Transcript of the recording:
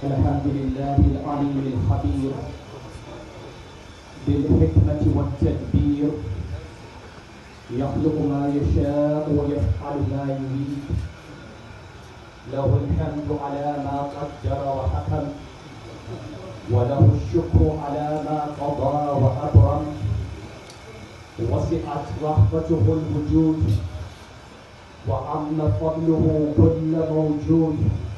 الحمد لله العليم الخبير بالحكمة والتدبير يخلق ما يشاء ويفعل ما يريد له الحمد على ما قدر وحكم وله الشكر على ما قضى وأبرم وسعت رحمته الوجود وعم فضله كل موجود